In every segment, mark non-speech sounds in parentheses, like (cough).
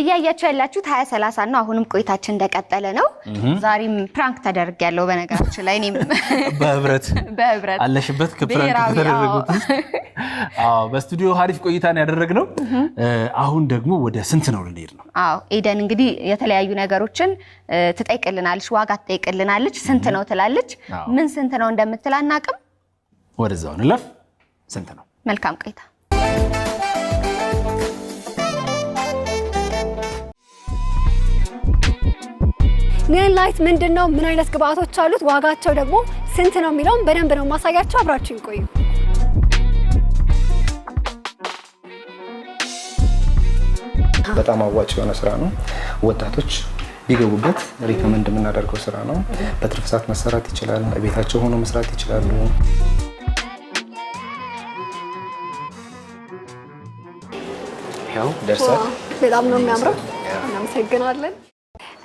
እያያችሁ ያላችሁት ሀያ ሰላሳ ነው። አሁንም ቆይታችን እንደቀጠለ ነው። ዛሬም ፕራንክ ተደርግ ያለው በነገራችን ላይ እኔም (laughs) በህብረት በህብረት አለሽበት በስቱዲዮ ሀሪፍ ቆይታ ነው አሁን ደግሞ ወደ ስንት ነው ልንሄድ ነው? አዎ ኤደን እንግዲህ የተለያዩ ነገሮችን ትጠይቅልናለች፣ ዋጋ ትጠይቅልናለች። ስንት ነው ትላለች። ምን ስንት ነው እንደምትል አናውቅም። ወደዛው እንለፍ። ስንት ነው? መልካም ቆይታ ኒዮን ላይት ምንድን ነው? ምን አይነት ግብአቶች አሉት? ዋጋቸው ደግሞ ስንት ነው የሚለውን በደንብ ነው ማሳያቸው። አብራችሁ ቆዩ። በጣም አዋጭ የሆነ ስራ ነው። ወጣቶች ቢገቡበት ሪከመንድ የምናደርገው ስራ ነው። በትርፍ ሰዓት መሰራት ይችላል። ቤታቸው ሆኖ መስራት ይችላሉ። ያው ደርሳል። በጣም ነው የሚያምረው። እናመሰግናለን።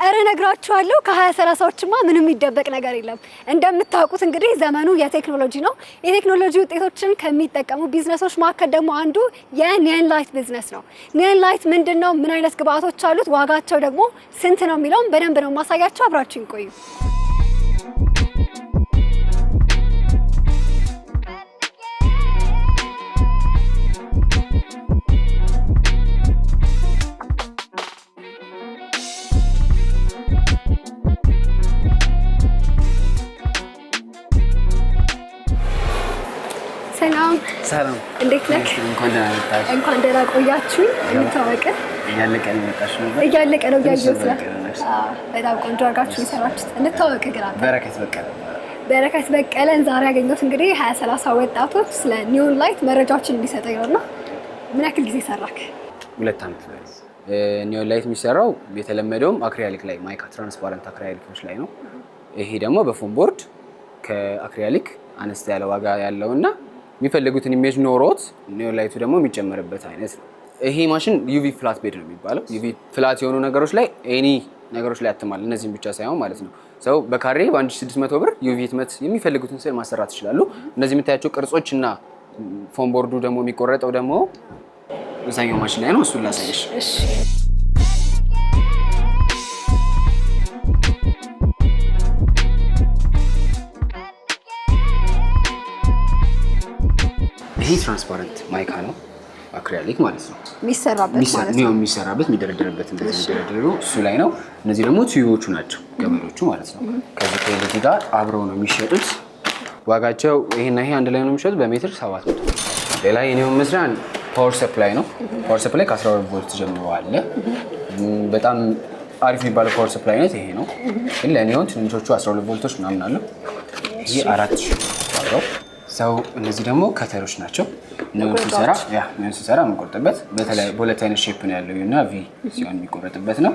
እረ ነግራችኋለሁ። ከሀያ ሰላሳዎችማ ምንም የሚደበቅ ነገር የለም። እንደምታውቁት እንግዲህ ዘመኑ የቴክኖሎጂ ነው። የቴክኖሎጂ ውጤቶችን ከሚጠቀሙ ቢዝነሶች መካከል ደግሞ አንዱ የኒየን ላይት ቢዝነስ ነው። ኒየን ላይት ምንድን ነው? ምን አይነት ግብአቶች አሉት? ዋጋቸው ደግሞ ስንት ነው የሚለውም በደንብ ነው ማሳያቸው። አብራችሁ ይቆዩ። ሰላም እንዴት ነህ? እንኳን ደህና ቆያችሁ። እንታወቅህ እያለቀ ነው እያየሁት ነው። በጣም ቆንጆ አድርጋችሁ የሰራችሁት። እንታወቅህ ግራ በረከት በቀለ በረከት በቀለን ዛሬ ያገኘሁት እንግዲህ ሀያ ሰላሳ ወጣቶች ስለ ኒዮን ላይት መረጃዎችን እንዲሰጠኝ ነው እና ምን ያክል ጊዜ ሰራክ? ሁለት ዓመት ነው። ኒዮን ላይት የሚሰራው የተለመደውም አክሪያሊክ ላይ ማይካ ትራንስፓረንት አክሪያሊኮች ላይ ነው። ይሄ ደግሞ በፎም ቦርድ ከአክሪያሊክ አነስተ ያለ ዋጋ ያለው እና የሚፈልጉትን ኢሜጅ ኖሮት ኒዮ ላይቱ ደግሞ የሚጨመርበት አይነት ነው። ይሄ ማሽን ዩቪ ፍላት ቤድ ነው የሚባለው። ዩቪ ፍላት የሆኑ ነገሮች ላይ ኤኒ ነገሮች ላይ ያትማል። እነዚህም ብቻ ሳይሆን ማለት ነው ሰው በካሬ በ1600 ብር ዩቪ ህትመት የሚፈልጉትን ስዕል ማሰራት ይችላሉ። እነዚህ የምታያቸው ቅርጾች እና ፎም ቦርዱ ደግሞ የሚቆረጠው ደግሞ እዛኛው ማሽን ላይ ነው። እሱን ላሳየሽ። ይሄ ትራንስፓረንት ማይካ ነው፣ አክሪያሊክ ማለት ነው። የሚሰራበት የሚደረደርበት የሚደረደሩ እሱ ላይ ነው። እነዚህ ደግሞ ትዩቦቹ ናቸው፣ ገመዶቹ ማለት ነው። ከዚህ ከኤልጂ ጋር አብረው ነው የሚሸጡት። ዋጋቸው ይሄና ይሄ አንድ ላይ ነው የሚሸጡት በሜትር ሰባት መቶ ሌላ የኔውን መስሪያን ፓወር ሰፕላይ ነው። ፓወር ሰፕላይ ከ12 ቮልት ጀምሮ አለ። በጣም አሪፍ የሚባለው ፓወር ሰፕላይ አይነት ይሄ ነው። ግን ለእኔ አሁን ትንንሾቹ 12 ቮልቶች ምናምን አለው። ይህ አራት ሺ ሰው እነዚህ ደግሞ ከተሮች ናቸው። ሆን ስንሰራ የምንቆርጥበት በሁለት አይነት ሼፕ ነው ያለው እና ቪ ሲሆን የሚቆረጥበት ነው።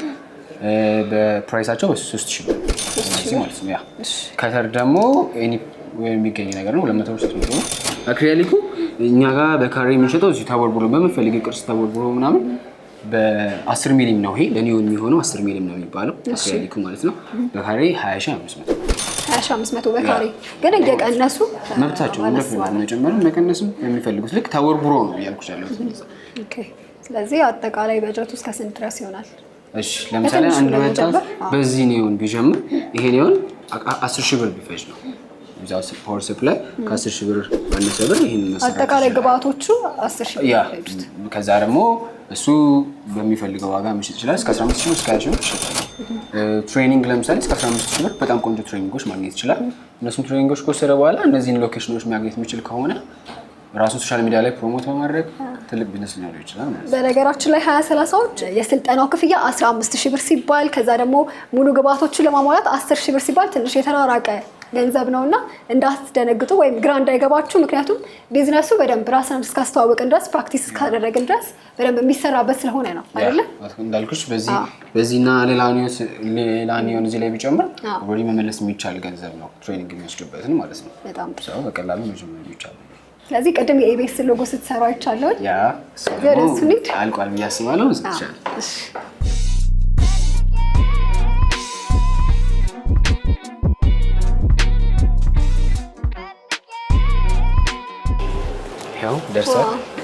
በፕራይሳቸው ሶስት ሺ ማለት ነው። ከተር ደግሞ የሚገኝ ነገር ነው። ሁለት ውስጥ ነው። አክሪሊኩ እኛ ጋር በካሬ የምንሸጠው እዚሁ ተቦርቡሮ በምፈልግ ቅርጽ ተቦርቡሮ ምናምን በአስር ሚሊም ነው ይሄ ለኒዮን የሚሆነው አስር ሚሊም ነው የሚባለው አክሪሊኩ ማለት ነው። በካሬ ሀያ አምስት መቶ በካሬ ግን እየቀነሱ መብታቸው መጨመርም መቀነስም የሚፈልጉት ልክ ታወር ነው እያልኩሽ ያለሁት። ስለዚህ አጠቃላይ በጀቱ እስከ ስንት ድረስ ይሆናል? እሺ ለምሳሌ አንድ ወጣት በዚህ ኒዮን ቢጀምር ይሄ ኒዮን አስር ሺህ ብር ቢፈጅ ነው እዛ ፓወር ሰፕላይ ከአስር ሺህ ብር ባነሰ ብር ይህን አጠቃላይ ግብአቶቹ ሺህ ብር ከዛ ደግሞ እሱ በሚፈልገው ዋጋ መሸጥ ይችላል። እስከ 15 ሺህ እስከ 20 ሺህ ትሬኒንግ ለምሳሌ እስከ 15 ሺህ በጣም ቆንጆ ትሬኒንጎች ማግኘት ይችላል። እነሱም ትሬኒንጎች ከወሰደ በኋላ እነዚህን ሎኬሽኖች ማግኘት የሚችል ከሆነ ራሱን ሶሻል ሚዲያ ላይ ፕሮሞት በማድረግ ትልቅ ቢዝነስ ሊኖረው ይችላል። በነገራችን ላይ ሀያ ሰላሳዎች የስልጠናው ክፍያ 15 ሺህ ብር ሲባል ከዛ ደግሞ ሙሉ ግብአቶቹን ለማሟላት 10 ሺህ ብር ሲባል ትንሽ የተራራቀ ገንዘብ ነው እና እንዳትደነግጡ ወይም ግራ እንዳይገባችሁ። ምክንያቱም ቢዝነሱ በደንብ ራስን እስካስተዋወቅን ድረስ ፕራክቲስ እስካደረግን ድረስ በደንብ የሚሰራበት ስለሆነ ነው አይደለ? እንዳልኩሽ በዚህና ሌላ ኒዮን እዚህ ላይ ቢጨምር ወዲ መመለስ የሚቻል ገንዘብ ነው። ትሬኒንግ የሚወስዱበትን ማለት ነው። በጣም በቀላሉ መጀመር የሚቻል ስለዚህ ቅድም የኢቤስ ሎጎ ስትሰራ ይቻለውን ያ እሱ አልቋል ብዬ አስባለሁ።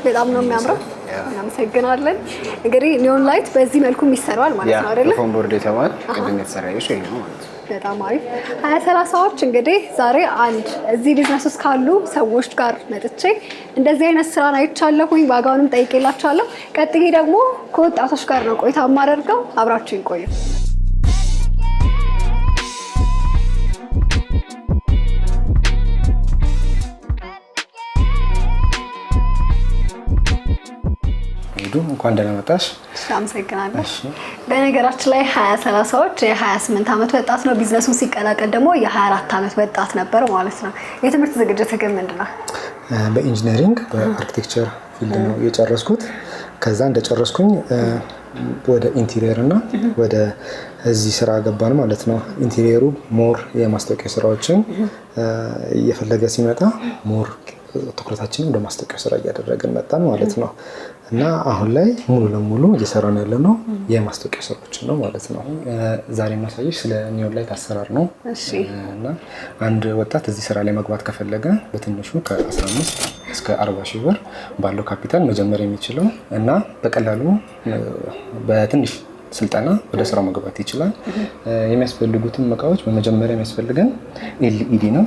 በጣም ነው የሚያምረው። እናመሰግናለን። እንግዲህ ኒዮን ላይት በዚህ መልኩ ይሰራል ማለት ነው ፎን ቦርድ ቅድም የተሰራ ነው ማለት ነው። በጣም አሪፍ ሀያ ሰላሳዎች እንግዲህ ዛሬ አንድ እዚህ ቢዝነስ ውስጥ ካሉ ሰዎች ጋር መጥቼ እንደዚህ አይነት ስራን አይቻለሁኝ። ዋጋውንም ጠይቄላችኋለሁ። ቀጥዬ ደግሞ ከወጣቶች ጋር ነው ቆይታ የማደርገው። አብራችሁ ይቆዩ። ውዱ እንኳን ደህና መጣሽ። አመሰግናለሁ። በነገራችን ላይ ሀያ ሰላሳዎች የሀያ ስምንት ዓመት ወጣት ነው። ቢዝነሱን ሲቀላቀል ደግሞ የሀያ አራት ዓመት ወጣት ነበር ማለት ነው። የትምህርት ዝግጅት ግን ምንድን ነው? በኢንጂነሪንግ በአርኪቴክቸር ፊልድ ነው የጨረስኩት። ከዛ እንደጨረስኩኝ ወደ ኢንቴሪየር እና ወደ እዚህ ስራ ገባን ማለት ነው። ኢንቴሪየሩ ሞር የማስታወቂያ ስራዎችን እየፈለገ ሲመጣ ሞር ትኩረታችን ወደ ማስታወቂያ ስራ እያደረግን መጣን ማለት ነው። እና አሁን ላይ ሙሉ ለሙሉ እየሰራን ያለ ነው የማስታወቂያ ስራዎችን ነው ማለት ነው። ዛሬ የማሳየሽ ስለ ኒዮን ላይት አሰራር ነው እና አንድ ወጣት እዚህ ስራ ላይ መግባት ከፈለገ በትንሹ ከ15 እስከ 40 ሺህ ብር ባለው ካፒታል መጀመር የሚችለው እና በቀላሉ በትንሽ ስልጠና ወደ ስራው መግባት ይችላል። የሚያስፈልጉትን እቃዎች በመጀመሪያ የሚያስፈልገን ኤልኢዲ ነው።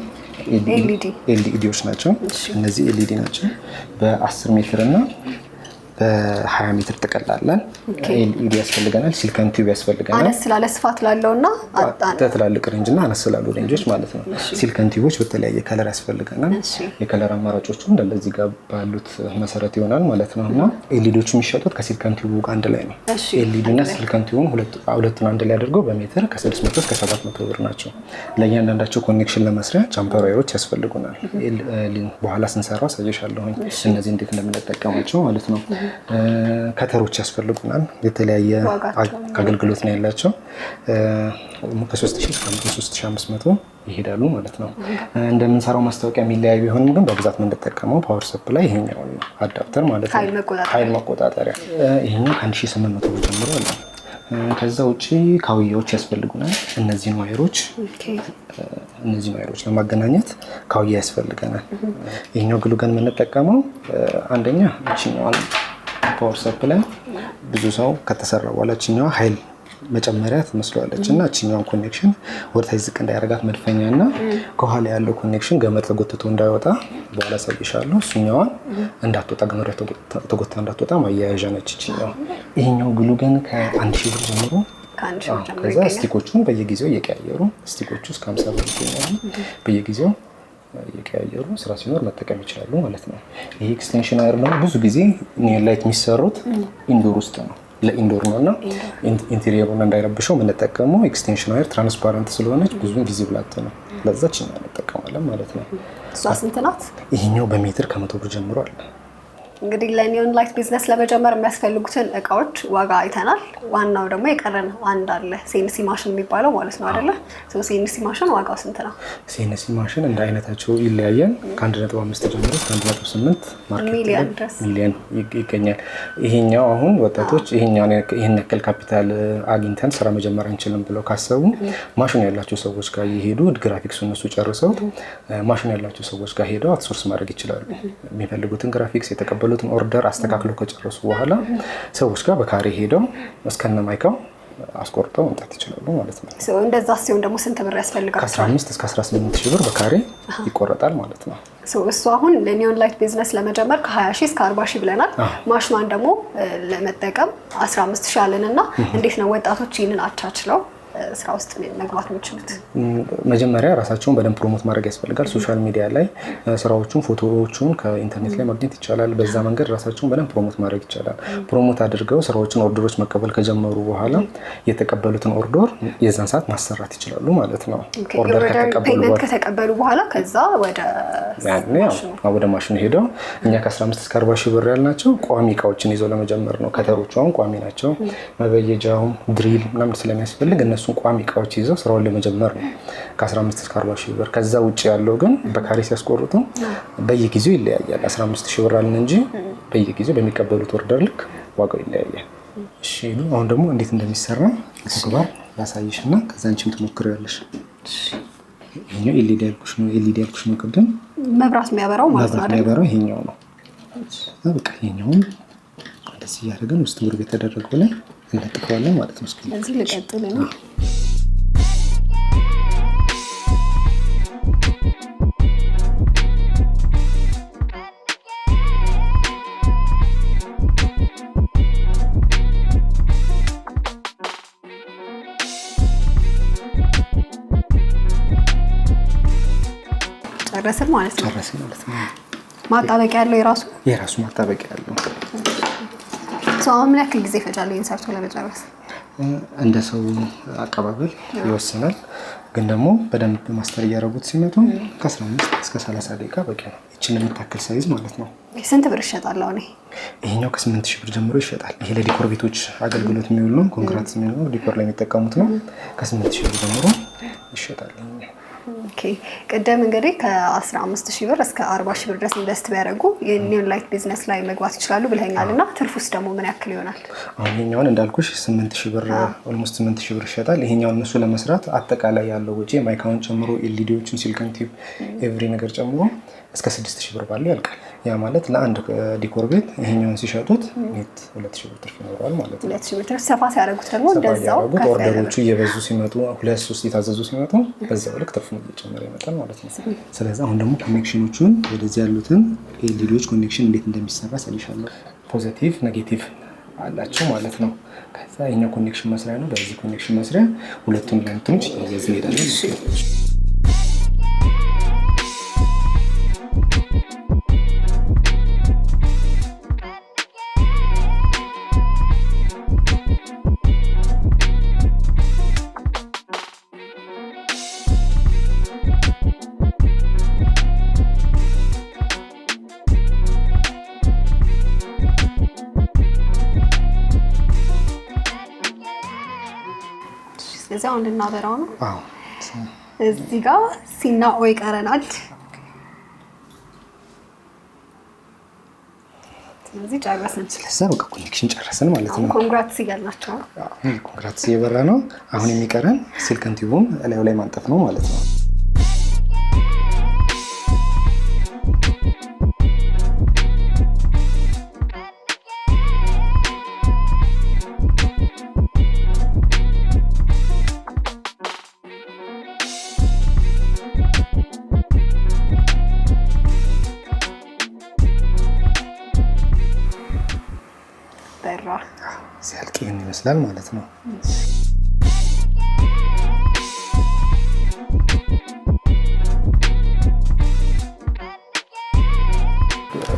ኤልኢዲዎች ናቸው እነዚህ ኤልኢዲ ናቸው በ10 ሜትር እና በ20 ሜትር ጥቅል ኢዲ ያስፈልገናል። ሲልከን ቲዩብ ያስፈልገናል። አነስ ስላለ ስፋት ላለውና ትላልቅ ሬንጅ እና አነስ ስላሉ ሬንጆች ማለት ነው። ሲልከን ቲዩቦች በተለያየ ከለር ያስፈልገናል። የከለር አማራጮቹ እንደዚህ ጋር ባሉት መሰረት ይሆናል ማለት ነው እና ኤልኢዲዎቹ የሚሸጡት ከሲልከን ቲዩቡ አንድ ላይ ነው። ኤልዲ እና ሲልከን ቲዩቡን ሁለቱን አንድ ላይ አድርገው በሜትር ከ600 እስከ 700 ብር ናቸው። ለእያንዳንዳቸው ኮኔክሽን ለመስሪያ ጃምፐር ዋየሮች ያስፈልጉናል። በኋላ ስንሰራው አሳይሻለሁኝ እነዚህ እንዴት እንደምንጠቀማቸው ማለት ነው። ከተሮች ያስፈልጉናል። የተለያየ አገልግሎት ነው ያላቸው። ከ3 ይሄዳሉ ማለት ነው። እንደምንሰራው ማስታወቂያ የሚለያዩ ቢሆንም ግን በብዛት የምንጠቀመው ፓወር ሰፕላይ ይሄኛው ነው፣ አዳፕተር ማለት ነው፣ ኃይል መቆጣጠሪያ። ይሄኛው ከ1800 ብር ጀምሮ አለ። ከዛ ውጭ ካውያዎች ያስፈልጉናል። እነዚህን ዋይሮች እነዚህን ዋይሮች ለማገናኘት ካውያ ያስፈልገናል። ይህኛው ግሉገን የምንጠቀመው አንደኛ ችኛዋል ፓወር ሰፕላይ ብዙ ሰው ከተሰራ በኋላ ችኛዋ ኃይል መጨመሪያ ትመስለዋለች እና እችኛውን ኮኔክሽን ወደታች ዝቅ እንዳያደርጋት መድፈኛ እና ከኋላ ያለው ኮኔክሽን ገመድ ተጎትቶ እንዳይወጣ በኋላ ሰብሻለሁ። እሱኛዋን እንዳትወጣ ገመድ ተጎታ እንዳትወጣ ማያያዣ ነች እችኛው። ይሄኛው ግሉ ግን ከአንድ ሺህ ብር ጀምሮ ከዛ ስቲኮቹን በየጊዜው እየቀያየሩ ስቲኮቹ እስከ ሀምሳ ብር ይገኛሉ በየጊዜው እየቀያየሩ ስራ ሲኖር መጠቀም ይችላሉ ማለት ነው። ይህ ኤክስቴንሽን አየር ደግሞ ብዙ ጊዜ ላይት የሚሰሩት ኢንዶር ውስጥ ነው ለኢንዶር ነው እና ኢንቴሪየሩን እንዳይረብሸው የምንጠቀመው ኤክስቴንሽን አየር ትራንስፓረንት ስለሆነች ብዙም ቪዚብል ነው ለዛች እንጠቀማለን ማለት ነው። እሷ ስንት ናት? ይሄኛው በሜትር ከመቶ ብር ጀምሮ አለ። እንግዲህ ለኒዮን ላይት ቢዝነስ ለመጀመር የሚያስፈልጉትን እቃዎች ዋጋ አይተናል። ዋናው ደግሞ የቀረን አንድ አለ ሴንሲ ማሽን የሚባለው ማለት ነው አደለ? ሴንሲ ማሽን ዋጋው ስንት ነው? ሴንሲ ማሽን እንደ አይነታቸው ይለያየን፣ ከአንድ ነጥብ አምስት ጀምሮ እስከ አንድ ነጥብ ስምንት ሚሊዮን ይገኛል። ይሄኛው አሁን ወጣቶች ይህን ያክል ካፒታል አግኝተን ስራ መጀመር አንችልም ብለው ካሰቡ ማሽን ያላቸው ሰዎች ጋር እየሄዱ ግራፊክስ እነሱ ጨርሰው ማሽን ያላቸው ሰዎች ጋር ሄደው አትሶርስ ማድረግ ይችላሉ። የሚፈልጉትን ግራፊክስ የተቀበ የተቀበሉትን ኦርደር አስተካክሎ ከጨረሱ በኋላ ሰዎች ጋር በካሬ ሄደው እስከነ ማይካው አስቆርጠው መምጣት ይችላሉ ማለት ነው። እንደዛ ሲሆን ደግሞ ስንት ብር ያስፈልጋል? ከ15 እስከ 18 ሺህ ብር በካሬ ይቆረጣል ማለት ነው። እሱ አሁን ለኒዮን ላይት ቢዝነስ ለመጀመር ከ20 ሺህ እስከ 40 ሺህ ብለናል። ማሽኗን ደግሞ ለመጠቀም 15 ሺህ አለን እና እንዴት ነው ወጣቶች ይህንን አቻችለው ስራ ውስጥ መግባት የሚችሉት? መጀመሪያ ራሳቸውን በደንብ ፕሮሞት ማድረግ ያስፈልጋል። ሶሻል ሚዲያ ላይ ስራዎቹን፣ ፎቶዎቹን ከኢንተርኔት ላይ ማግኘት ይቻላል። በዛ መንገድ ራሳቸውን በደንብ ፕሮሞት ማድረግ ይቻላል። ፕሮሞት አድርገው ስራዎችን፣ ኦርደሮች መቀበል ከጀመሩ በኋላ የተቀበሉትን ኦርደር የዛን ሰዓት ማሰራት ይችላሉ ማለት ነው። ኦርደር ከተቀበሉ በኋላ ከዛ ወደ ወደ ማሽኑ ሄደው እኛ ከ15 እስከ 40 ሺህ ብር ያልናቸው ቋሚ እቃዎችን ይዘው ለመጀመር ነው። ከተሮቹ አሁን ቋሚ ናቸው። መበየጃውም ድሪል ምናምን ስለሚያስፈልግ እነሱ እነሱን ቋሚ እቃዎች ይዘው ስራውን ለመጀመር ነው ከ15 እስከ 40 ሺህ ብር። ከዛ ውጭ ያለው ግን በካሬ ሲያስቆርጡ በየጊዜው ይለያያል። 15 ሺህ ብር አለን እንጂ በየጊዜው በሚቀበሉት ወርደር ልክ ዋጋው ይለያያል። እሺ፣ አሁን ደግሞ እንዴት እንደሚሰራ ተግባር ላሳይሽ እና ከዛ አንቺም ትሞክሪያለሽ። ይሄኛው ኤልኢዲ ያልኩሽ ነው። ኤልኢዲ ያልኩሽ ነው ቅድም መብራት የሚያበራው ማለት ነው። መብራት የሚያበራው ይሄኛው ነው። በቃ ይሄኛውን እንደዚህ እያደረገን ውስጥ ምርግ የተደረገው ላይ እንለጥፈዋለን ማለት ነው። እስኪ ለዚህ ልቀጥል ነው ጨረስን ማለት ነው። ጨረስን ማለት ነው። ማጣበቂያ ያለው የራሱ የራሱ ማጣበቂያ ያለው ሰው ምን ያክል ጊዜ ይፈጃል ይህን ሰርቶ ለመጨረስ? እንደ ሰው አቀባበል ይወስናል። ግን ደግሞ በደንብ ማስተር እያደረጉት ሲመጡ ከ15 እስከ 30 ደቂቃ በቂ ነው። ይችን የምታክል ሳይዝ ማለት ነው። ስንት ብር ይሸጣል? አሁን ይሄኛው ከ8 ሺህ ብር ጀምሮ ይሸጣል። ይሄ ለዲኮር ቤቶች አገልግሎት የሚውል ነው። ኮንግራት የሚውል ዲኮር ላይ የሚጠቀሙት ነው። ከ8 ሺህ ብር ጀምሮ ይሸጣል። ቅድም እንግዲህ ከ15 ሺህ ብር እስከ 40 ሺህ ብር ድረስ ኢንቨስት ቢያደርጉ የኒውን ላይት ቢዝነስ ላይ መግባት ይችላሉ ብለኛል እና ትርፍ ውስጥ ደግሞ ምን ያክል ይሆናል? አሁን ይሄኛውን እንዳልኩሽ 8 ሺህ ብር ኦልሞስት 8 ሺህ ብር ይሸጣል። ይሄኛውን እነሱ ለመስራት አጠቃላይ ያለው ወጪ ማይካውን ጨምሮ ኤልዲዎችን፣ ሲልከንቲቭ ኤቭሪ ነገር ጨምሮ እስከ ስድስት ሺህ ብር ባለው ያልቃል። ያ ማለት ለአንድ ዲኮር ቤት ይሄኛውን ሲሸጡት ኔት ሁለት ሺህ ብር ትርፍ ይኖረዋል ማለት ነው። ሁለት ሰፋ ሲያደርጉት ደግሞ እንደዛው ኦርደሮቹ እየበዙ ሲመጡ ሁለት ሶስት የታዘዙ ሲመጡ በዛው ልክ ትርፉ እየጨመረ ይመጣል ማለት ነው። ስለዚ አሁን ደግሞ ኮኔክሽኖቹን ወደዚህ ያሉትን ሌሎች ኮኔክሽን እንዴት እንደሚሰራ ሰልሻለሁ። ፖዘቲቭ ኔጌቲቭ አላቸው ማለት ነው። ከዛ ይሄኛው ኮኔክሽን መስሪያ ነው። በዚህ ኮኔክሽን መስሪያ ሁለቱን ለንትኖች እያያዝ እንሄዳለን። ስለዚህ አሁን እንድናበራው ነው። እዚህ ጋር ሲና ኦ ይቀረናል። ስለዚህ ጨረስን። ስለዛ በቃ ኮኔክሽን ጨረስን ማለት ነው። ኮንግራትስ እያልናቸው ኮንግራትስ እየበራ ነው። አሁን የሚቀረን ሲልከን ቲዩቡን እላዩ ላይ ማንጠፍ ነው ማለት ነው። ይመስላል ማለት ነው።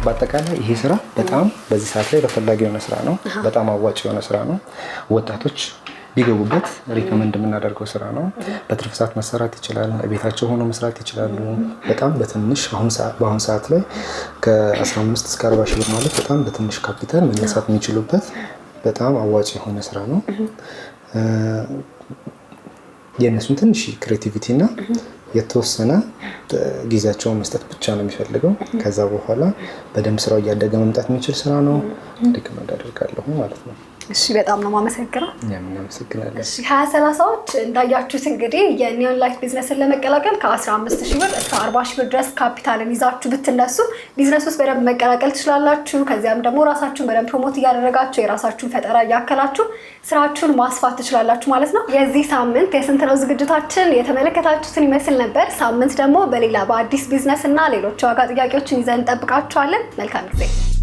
በአጠቃላይ ይሄ ስራ በጣም በዚህ ሰዓት ላይ ተፈላጊ የሆነ ስራ ነው። በጣም አዋጭ የሆነ ስራ ነው። ወጣቶች ቢገቡበት ሪከመንድ የምናደርገው ስራ ነው። በትርፍ ሰዓት መሰራት ይችላል። ቤታቸው ሆኖ መስራት ይችላሉ። በጣም በትንሽ በአሁኑ ሰዓት ላይ ከ15 እስከ 40 ሺህ ብር ማለት በጣም በትንሽ ካፒታል መነሳት የሚችሉበት በጣም አዋጭ የሆነ ስራ ነው። የእነሱን ትንሽ ክሬቲቪቲ እና የተወሰነ ጊዜያቸውን መስጠት ብቻ ነው የሚፈልገው። ከዛ በኋላ በደንብ ስራው እያደገ መምጣት የሚችል ስራ ነው። ድክም እንዳደርጋለሁ ማለት ነው። እሺ በጣም ነው የማመሰግነው። እሺ ሀያ ሰላሳዎች እንዳያችሁት እንግዲህ የኒዮን ላይፍ ቢዝነስን ለመቀላቀል ከ15 ሺህ ብር እስከ 40 ሺህ ብር ድረስ ካፒታልን ይዛችሁ ብትነሱ ቢዝነስ ውስጥ በደንብ መቀላቀል ትችላላችሁ። ከዚያም ደግሞ ራሳችሁን በደንብ ፕሮሞት እያደረጋችሁ የራሳችሁን ፈጠራ እያከላችሁ ስራችሁን ማስፋት ትችላላችሁ ማለት ነው። የዚህ ሳምንት የስንት ነው ዝግጅታችን የተመለከታችሁትን ይመስል ነበር። ሳምንት ደግሞ በሌላ በአዲስ ቢዝነስ እና ሌሎች ዋጋ ጥያቄዎችን ይዘን እንጠብቃችኋለን። መልካም ጊዜ